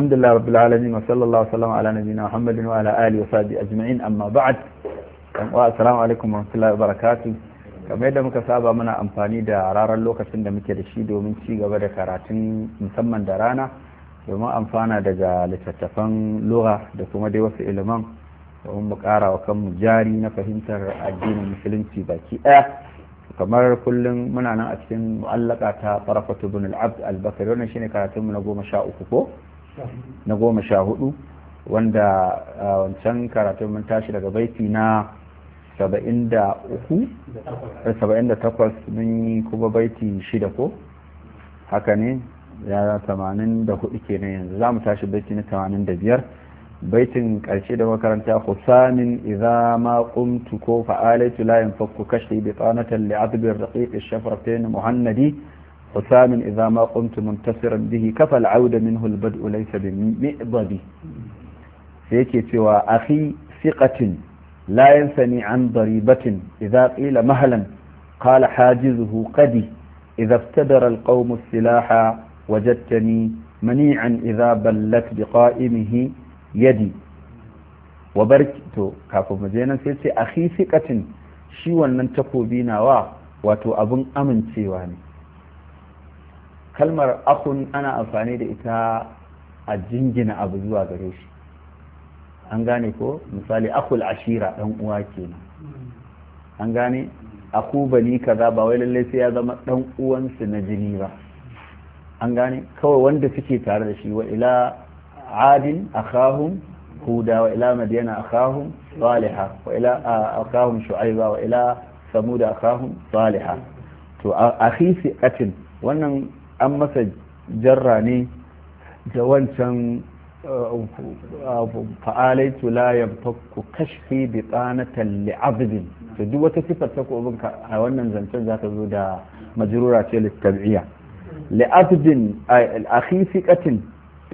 الحمد لله رب العالمين وصلى الله وسلم على نبينا محمد وعلى وصحبه بعد السلام عليكم الله وبركاته kamar yadda muka saba muna amfani da rarar lokacin da muke da shi domin ci gaba da karatun musamman da rana domin amfana daga littattafan lura da kuma dai wasu iliman domin mu kara wa kanmu jari na fahimtar addinin musulunci baki ɗaya kamar kullum muna nan a cikin mu'allaka ta farafatu bin al al-bakari wannan shine karatun mu na goma sha uku ko na goma sha hudu wanda wancan karatun mun tashi daga baiti na saba'in da uku eh, saba'in da takwas mun yi kuma baiti shida ko haka ne ya tamanin da hudu kenan yanzu za mu tashi baiti na tamanin da biyar baitin karshe da makaranta husamin idza ma qumtu ko fa'alaitu la yanfaku kashi bi tanatan li adbir raqiq ash shafratayn muhannadi حسام إذا ما قمت منتصرا به كفى العود منه البدء ليس بمئضبي سيكي سوى أخي ثقة لا ينثني عن ضريبة إذا قيل مهلا قال حاجزه قدي إذا افتدر القوم السلاح وجدتني منيعا إذا بلت بقائمه يدي وبركت كافو مجينا سيسي أخي ثقة شي wannan takobi nawa wato abin amincewa ne kalmar akun ana amfani da ita a jingina abu zuwa gare shi an gane ko misali akul ashira dan uwa kenan an gane aku bani kaza ba wai lallai sai ya zama dan uwansu na jini ba an gane kawai wanda suke tare da shi wa ila adin akhahum huda wa ila madiyana akhahum saliha wa ila akhahum shu'aiba wa ila samuda akhahum saliha to akhisi atin wannan an masa jarra ne da wancan uh, fa'alaitu la yamtakku kashfi bi qanatan li'abdin to duk wata sifar ta kobin ka a wannan zancen za ta zo da majrura ce litab'iyya li'abdin al-akhi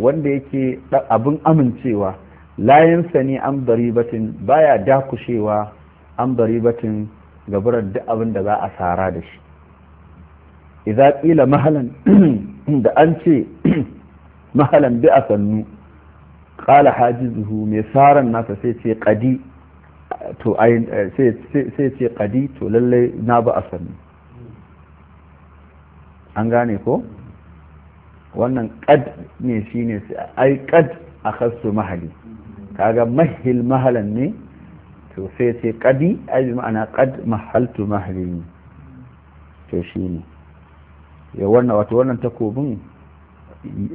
wanda yake abin amincewa layansa ne an baribatin baya dakushewa an baribatin gaburar duk abin da za a sara da shi idza qila mahalan da an ce mahalan bi asannu qala hajizuhu mai saran nasa sai ce qadi to sai ce qadi to lalle na ba asannu an gane ko wannan qad ne shine ai qad akhassu mahali kaga mahil mahalan ne to sai ce qadi ai ma'ana qad mahaltu mahali to shine wannan wato wannan takobin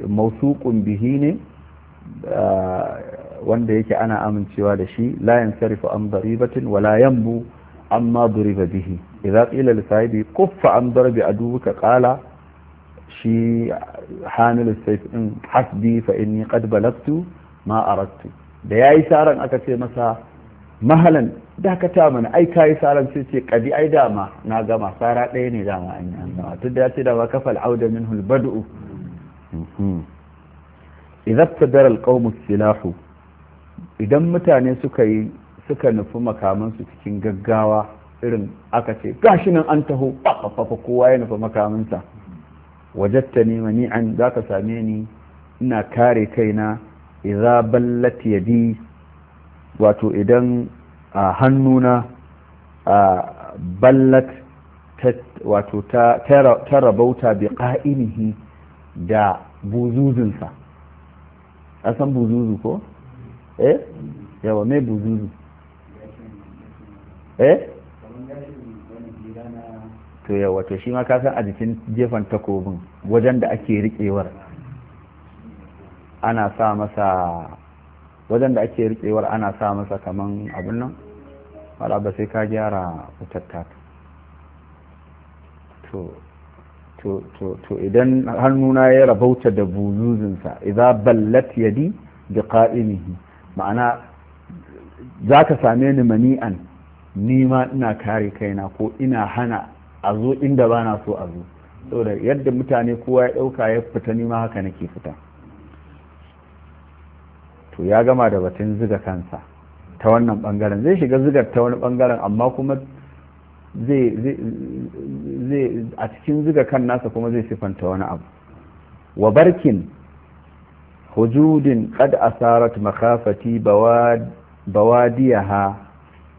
mausuqun bihi ne wanda yake ana amincewa da shi la yansarifu an daribatin wala yambu amma duriba bihi idza qila li sahibi kuffa an darbi aduka qala shi hana sayf in hasbi fa inni qad balagtu ma aradtu da yayi saran aka ce masa mahalan dakata mana ai kayi salam sai ce kadi ai dama na gama fara ɗaya ne dama an yi gama tun da ya ce dama kafal auda min hulbadu idan tsadar silahu idan mutane suka yi suka nufi makamansu cikin gaggawa irin aka ce gashi nan an taho fafafa kowa ya nufi makamansa wajatta ni an za ka same ni ina kare kaina idza ballat yadi wato idan a hannuna a ballat wato ta rabauta bi ƙa'inihi da buzuzinsa a san buzuzu ko? eh yawa mai buzuzu eh to yawa to shi ma ka san a jikin gefen takobin wajen da ake riƙewar ana sa masa wajen da ake rikewar ana sa masa kaman abin nan wala ba sai ka gyara wutar to to to to idan hannuna ya rabauta da sa idza ballat yadi bi qa'imihi ma'ana zaka same ni mani'an ni ma ina kare kaina ko ina hana a zo inda bana so a zo saboda yadda mutane kowa ya dauka ya fita ni ma haka nake fita to ya gama da batun ziga kansa ta wannan bangaren zai shiga zigar ta wani bangaren amma kuma zai a cikin ziga kan nasa kuma zai sifanta wani abu wa barkin hujudin qad asarat makafati ha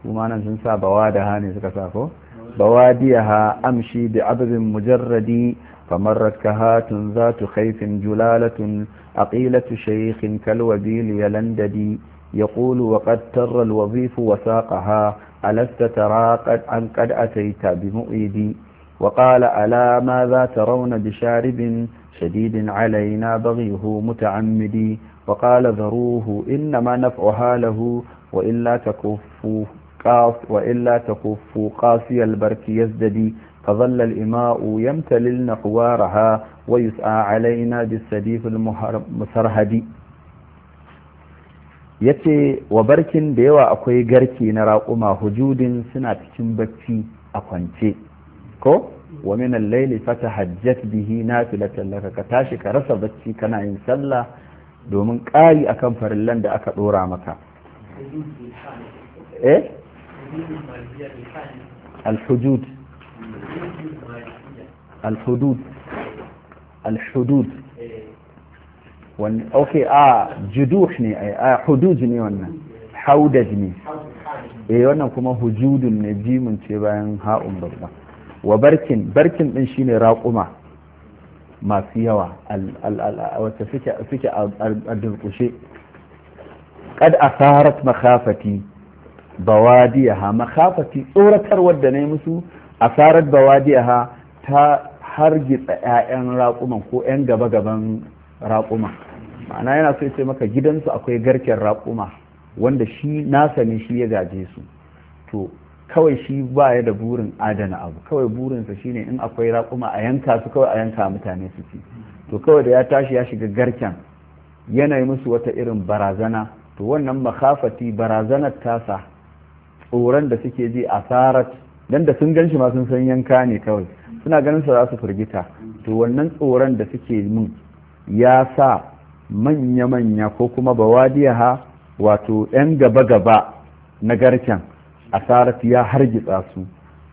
kuma nan sun sa ha ne suka sa ko ha amshi bi abdin mujarradi فمرت كهات ذات خيف جلالة أقيلة شيخ كالوبيل يلنددي يقول وقد تر الوظيف وساقها ألست ترى قد أن قد أتيت بمؤيدي وقال ألا ماذا ترون بشارب شديد علينا بغيه متعمدي وقال ذروه إنما نفعها له وإلا تكفوا قاف وإلا تكفوا قاسي البرك يزددي فظل الإماء يمتللن حوارها ويسعى علينا بالسديف المسرهدي yace wa barkin da yawa akwai garki na raƙuma hujudin suna cikin bacci a kwance ko wa min al-layli fatahajjat bihi nafilatan laka ka tashi ka rasa bacci kana yin sallah domin ƙari akan farillan da aka ɗora maka eh al-hujud al-hudud al-hudud wani ok a juduh ne a hudud ne wannan haudaj ne eh wannan kuma hujudun ne mun ce bayan ha babba wa barkin barkin din shine raƙuma masu yawa wacce suke a durƙushe kad asarat makafati bawadiyaha makafati tsoratar wadda na yi musu A asarar bawadiha ta hargitsa 'ya'yan raƙuman ko 'yan gaba-gaban raƙuma ma'ana yana so ce maka gidansu akwai garken raƙuma wanda shi nasa ne shi ya gaje su to kawai shi ba ya da burin adana abu kawai burinsa shi ne in akwai raƙuma a yanka su kawai a yanka mutane su ci to kawai da ya tashi ya shiga garken yanayi musu wata irin barazana to wannan makafati barazanar tasa tsoron da suke ji asarat don da sun gan shi ma sun san yanka ne kawai suna ganin sa za su firgita to wannan tsoron da suke mun ya sa manya-manya ko kuma ha wato 'yan gaba-gaba na garken a asarat ya hargitsa su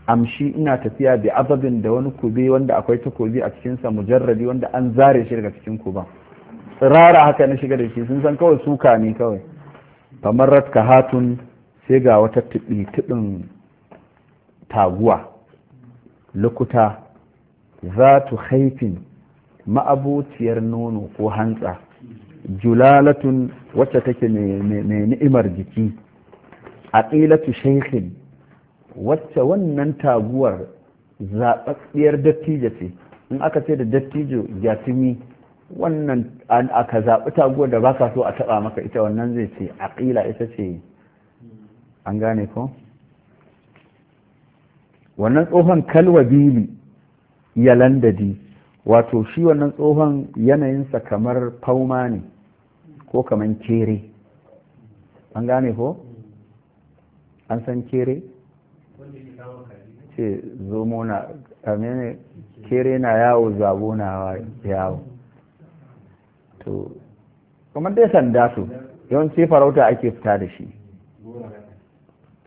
amshi ina tafiya da azabin da wani kube wanda akwai takobi a cikinsa mujarradi wanda an zare shi daga cikin kuban tsirara haka na shiga da shi sun san kawai suka ne kawai kamar ratka hatun sai ga wata tuɗin. taguwa lokuta, za tu haifin ma'abuciyar nono ko hantsa julalatun wacce take mai ni'imar jiki tu shaikhin wacce wannan taguwar zaɓaɓɓiyar dattijo ce in aka ce da dattijo gyatumi wannan aka zaɓi taguwar da ba ka so a taɓa maka ita wannan zai ce aƙila ita ce an gane ko? wannan tsohon kalwabili ya landadi wato shi wannan tsohon yanayinsa kamar fauma ne ko kamar kere an gane ko an san kere ce zomo na amene kere na yawo zabo na yawo to kamar dai sanda su yawanci farauta ake fita da shi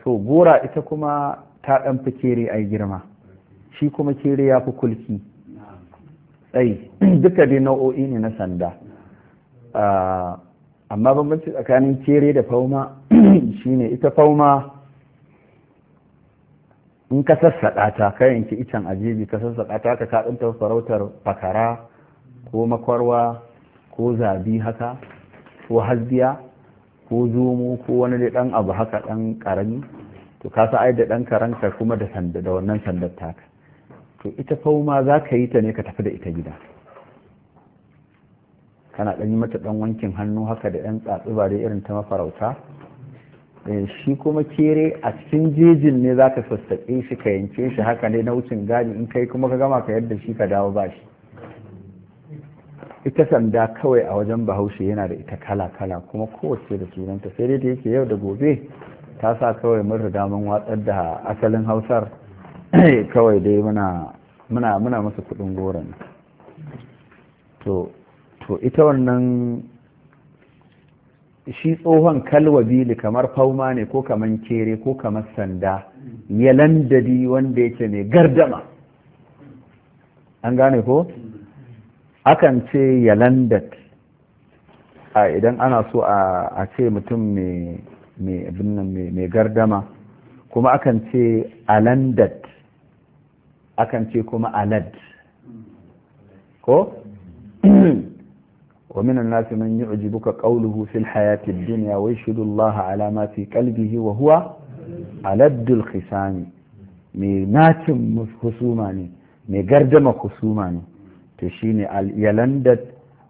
to gora ita kuma ta ɗan fi kere ai girma shi kuma kere ya fi kulki tsayi duka dai nau'o'i ne na sanda amma bambanci tsakanin kere da fauma shine ita fauma in ka sassaɗa ta ka yanki icen ajebi ka sassaɗa ta ka kaɗin ta farautar fakara ko makwarwa ko zabi haka ko haziya, ko zomo ko wani dai ɗan abu haka ɗan ƙarami to ka sa ai da ɗan karanka kuma da sanda da wannan sandar taka to ita fauma za ka yi ta ne ka tafi da ita gida kana ɗan yi mata ɗan wankin hannu haka da ɗan tsatsubare irin ta mafarauta eh, shi kuma kere a cikin jejin ne za ka sassaƙe shi ka yanke shi haka ne na wucin gadi in kai kuma ka gama ka yadda shi ka dawo ba shi ita sanda kawai a wajen bahaushe yana da ita kala-kala kuma kowace da sunanta sai dai da yake yau da gobe ta sa kawai mun riga mun watsar da asalin hausar kawai dai muna muna masa kudin goron to ita wannan shi tsohon kalwabili kamar fauma ne ko kamar kere ko kamar sanda ya landadi wanda yake mai gardama an gane ko akan ce ya landad a idan ana so a ce mutum mai mai abin nan mai gardama kuma akan ce alandat akan ce kuma alad ko ومن الناس من يعجبك قوله في الحياة الدنيا ويشهد الله على ما في قلبه وهو ألد الخصام مي ناتم خصوماني مي قردم خصوماني تشيني يلندد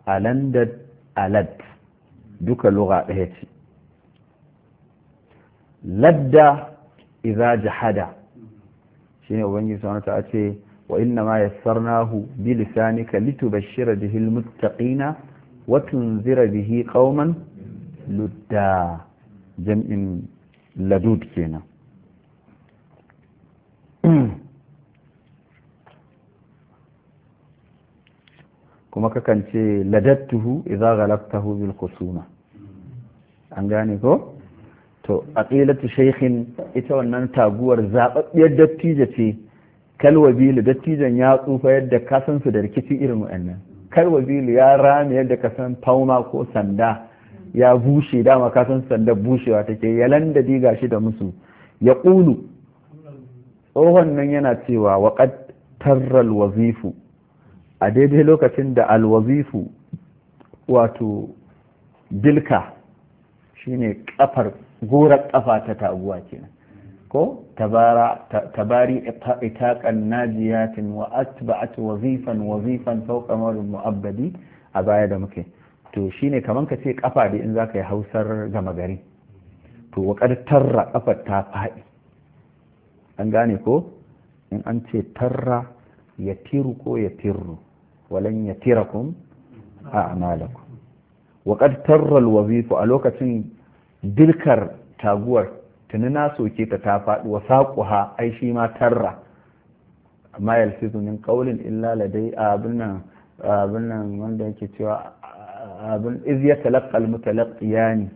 ألندد ألد دوك لغة هيتي ladda iza jahada shine ubangiji subhanahu ta ce wa inna ma yassarnahu bi lisanika litubashshira bihi almuttaqina wa tunzira bihi qauman ludda jam'in ladud kenan kuma kakan ce ladattuhu idza ghalabtahu bil khusuma an gane ko to a tsilatu shaikhin ita wannan taguwar zaɓaɓɓiyar dattijo ce kalwabilu dattijon ya tsufa yadda ka san su da rikici irin wa'annan kalwabilu ya rame yadda ka san fauma ko sanda ya bushe dama ka san sanda bushewa take ya landa diga shi da musu ya ƙulu tsohon nan yana cewa waƙad tarral wazifu a daidai lokacin da alwazifu wato bilka shine ƙafar. gorar ƙafa ta taguwa kenan ko tabari itaqan najiyatin wa atba'at wazifan wazifan fawqa mawlid mu'abbadi a baya da muke to shine kaman ka ce kafa da in zaka yi hausar gama gari to wa tarra kafar ta faɗi an gane ko in an ce tarra ya tiru ko ya tiru walan ya tirakum a amalakum wa tarra alwazifu a lokacin Dilkar taguwar tuni na soke ta ta faɗi wa saƙuha ai shi ma tarra amma yalfizu zunin ƙaunin illa ladai abin nan abin nan wanda yake cewa abin iz ne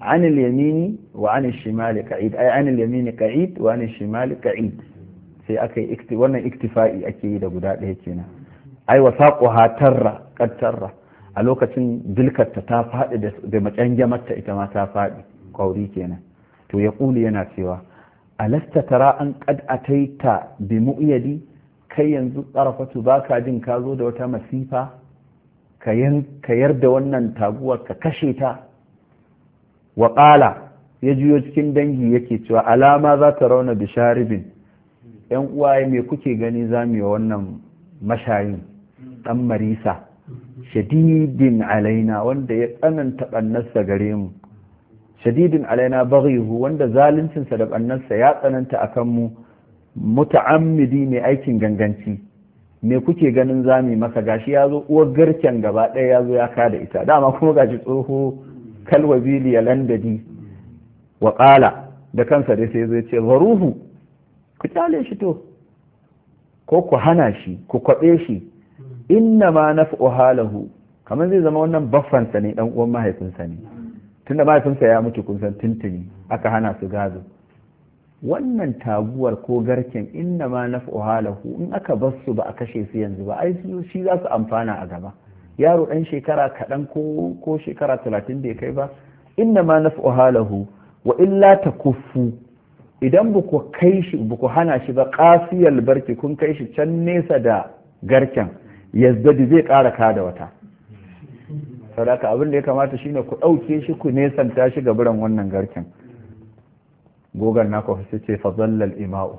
anil yamini wa anil shimali ka'id ai anil yamini ka'id wa anil shimali ka'id sai aka yi wannan iktifa'i ake yi da guda ɗaya kenan ai wasaquha tarra ƙad tarra a lokacin dilkarta ta faɗi da macen ita ma ta faɗi ƙwauri kenan to ya ƙuli yana cewa alasta tara an kad ataita bi mu'yadi kai yanzu tsarafatu ba ka jin ka zo da wata masifa ka yarda wannan taguwar ka kashe ta wa ya juyo cikin dangi yake cewa alama za ta rauna bisharibin yan uwaye me kuke gani za mu yi wannan mashayin ɗan marisa shadidin alaina wanda ya tsananta bannarsa gare mu shadidin alaina baghihu wanda zaluncinsa da bannarsa ya tsananta a kanmu muta'ammidi mai aikin ganganci me kuke ganin zami masa gashi ya zo uwar garken gaba ɗaya ya zo ya kada ita dama kuma gashi tsoho kalwabili ya landadi wa ƙala da kansa dai sai zai ce zaruhu ku kyale shi to ko ku hana shi ku kwaɓe shi inna ma naf'u halahu kamar zai zama wannan baffansa ne dan uwan mahaifinsa ne tunda mahaifinsa ya mutu kun san tuntuni aka hana su gado wannan taguwar ko garken inna ma naf'u halahu in aka bar su ba a kashe su yanzu ba ai shi za su amfana a gaba yaro dan shekara kaɗan ko ko shekara talatin da ya kai ba inna ma naf'u halahu wa illa takuffu idan ba ku kai shi ba ku hana shi ba kasiyal barki kun kai shi can nesa da garken yazdadi zai ƙara ka da wata saboda abin da ya kamata shine ku ɗauke shi ku nesanta shi ga biran wannan garken gogar naka sai ce fa zallal ima'u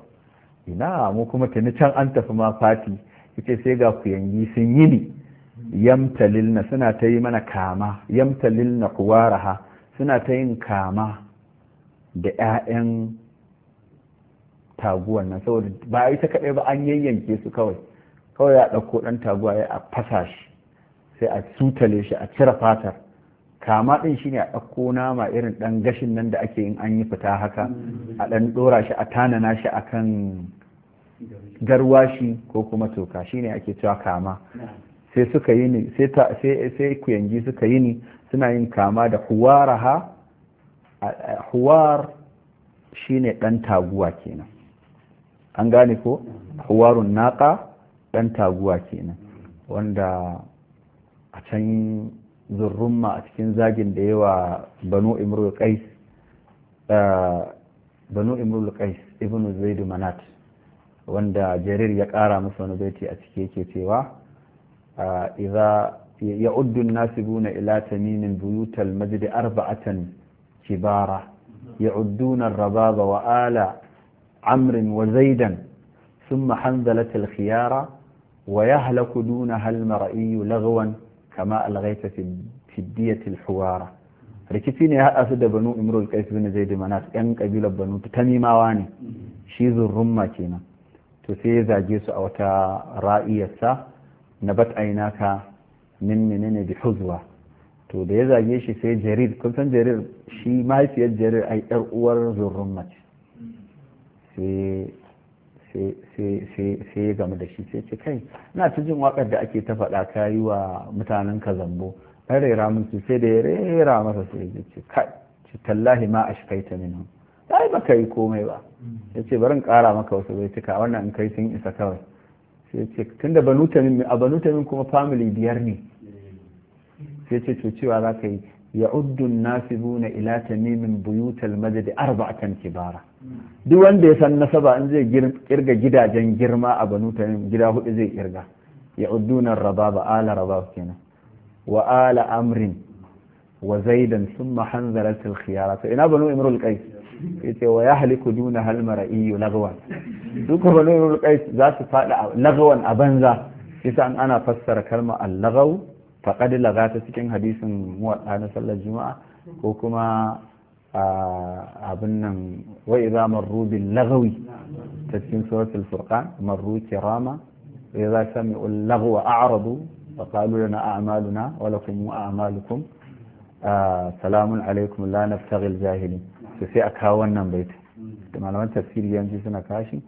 ina mu kuma tuni can an tafi ma fati yace sai ga ku yangi sun yi ni yamtalilna suna ta yi mana kama yamtalilna kuwaraha suna ta yin kama da ƴaƴan taguwan nan saboda ba ta kaɗai ba an yayyanke su kawai kawai ya ɗauko ɗan taguwa ya a fasa shi sai a sutale shi a cire fatar kama ɗin shi ne a ɗauko nama irin ɗan gashin nan da ake yin an yi fita haka a ɗan ɗora shi a tanana shi a kan garwashi ko kuma toka Shi ne ake cewa kama sai suka yi ni sai kuyangi suka yi ni suna yin kama da huwaraha huwar shine ɗan taguwa kenan an gane ko huwarun naƙa ɗan taguwa kenan wanda a can zurrumma a cikin zagin da yawa banu imrul qais eh, banu imrul qais ibn zaid manat wanda jarir ya ƙara masa wani baiti a ciki yake cewa eh, idza ya'uddu an-nasibuna ila tamimin buyutal majd arba'atan kibara يعدون الرباب وآل عمرو وزيدا ثم حنظلة الخيار wa yahlaku duna hal mar'i lagwan kama alghaita fi diyat rikici ya haɗa su da banu imrul qais bin zaid manat yan kabilar banu tamimawa ne shi zurrumma kenan to sai ya zage su a wata ra'iyarsa na bat ainaka min menene bi huzwa to da ya zage shi sai jarir kun san jarir shi mahaifiyar jarir ai yar uwar zurrumma ce sai sai ya gamu da shi sai ce kai na ta jin wakar da ake ta faɗa ka yi wa mutanen ka zambo ɗan rera musu sai da ya rera masa sai ya ce kai tallahi ma a ta minu ta yi ka yi komai ba ya ce bari in ƙara maka wasu bai cika wannan in kai sun isa kawai sai ce tun da banutamin a kuma family biyar ne sai ce to cewa za ka yi ya'uddu an-nasibuna ila tamimin buyutal madad arba'atan kibara duk wanda ya san nasaba in zai kirga gidajen girma a banu tamim gida hudu zai kirga ya'udduna ar-rababa ala rabab kenan wa amrin wa zaidan thumma hanzalat al-khiyara ina banu imrul qais yace wa yahliku duna hal mar'i lagwan duk banu imrul qais za su lagwan a banza yasa ana fassara kalma al faƙadi lagata cikin hadisin muwaɗa na sallar juma'a ko kuma abin nan wai za marru bin lagawi ta cikin suratul furqan marru kirama wai za sami ulagu wa a'radu wa qalu lana a'maluna wa lakum a'malukum salamun alaikum la nabtaghi jahilin to sai a kawo wannan baita da malaman tafsiri yanzu suna kashi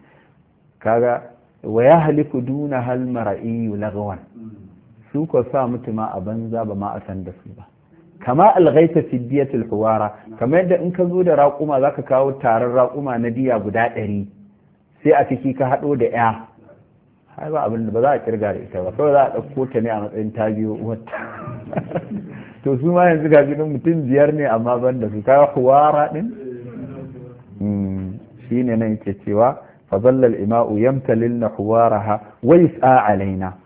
kaga wa yahliku duna hal mara'i lagawan su ko sa mutuma a banza ba ma a san da su ba kama alghaita fiddiyatul huwara kamar yadda in ka zo da raƙuma zaka kawo taron raƙuma na diya guda ɗari sai a ciki ka haɗo da ya hai ba abin da ba za a kirga da ita ba kawai za a ɗauko ta ne a matsayin ta biyo wata to su ma yanzu ga mutum biyar ne amma ban da su kawo huwara ɗin hmm, shi ne nan yake cewa fa zallal ima'u yamtalil na huwaraha wa yus'a alaina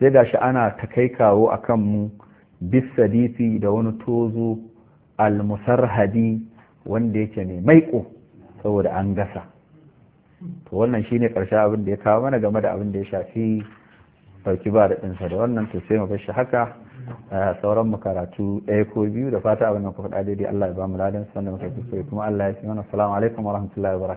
sai shi ana ta kai kawo a kanmu bisadisi da wani tozo almusarhadi wanda yake mai maiko saboda an gasa to wannan ne ƙarshen abin da ya kawo mana game da abin da ya shafi ɗauki ba da ɗinsa da wannan to sai mu bar shi haka sauran mu karatu ɗaya ko biyu da fata abin da ku ɗaɗe daidai Allah ya ba mu ladan sannan muka kuskure kuma Allah ya ce mana salamu alaikum wa rahmatullahi wa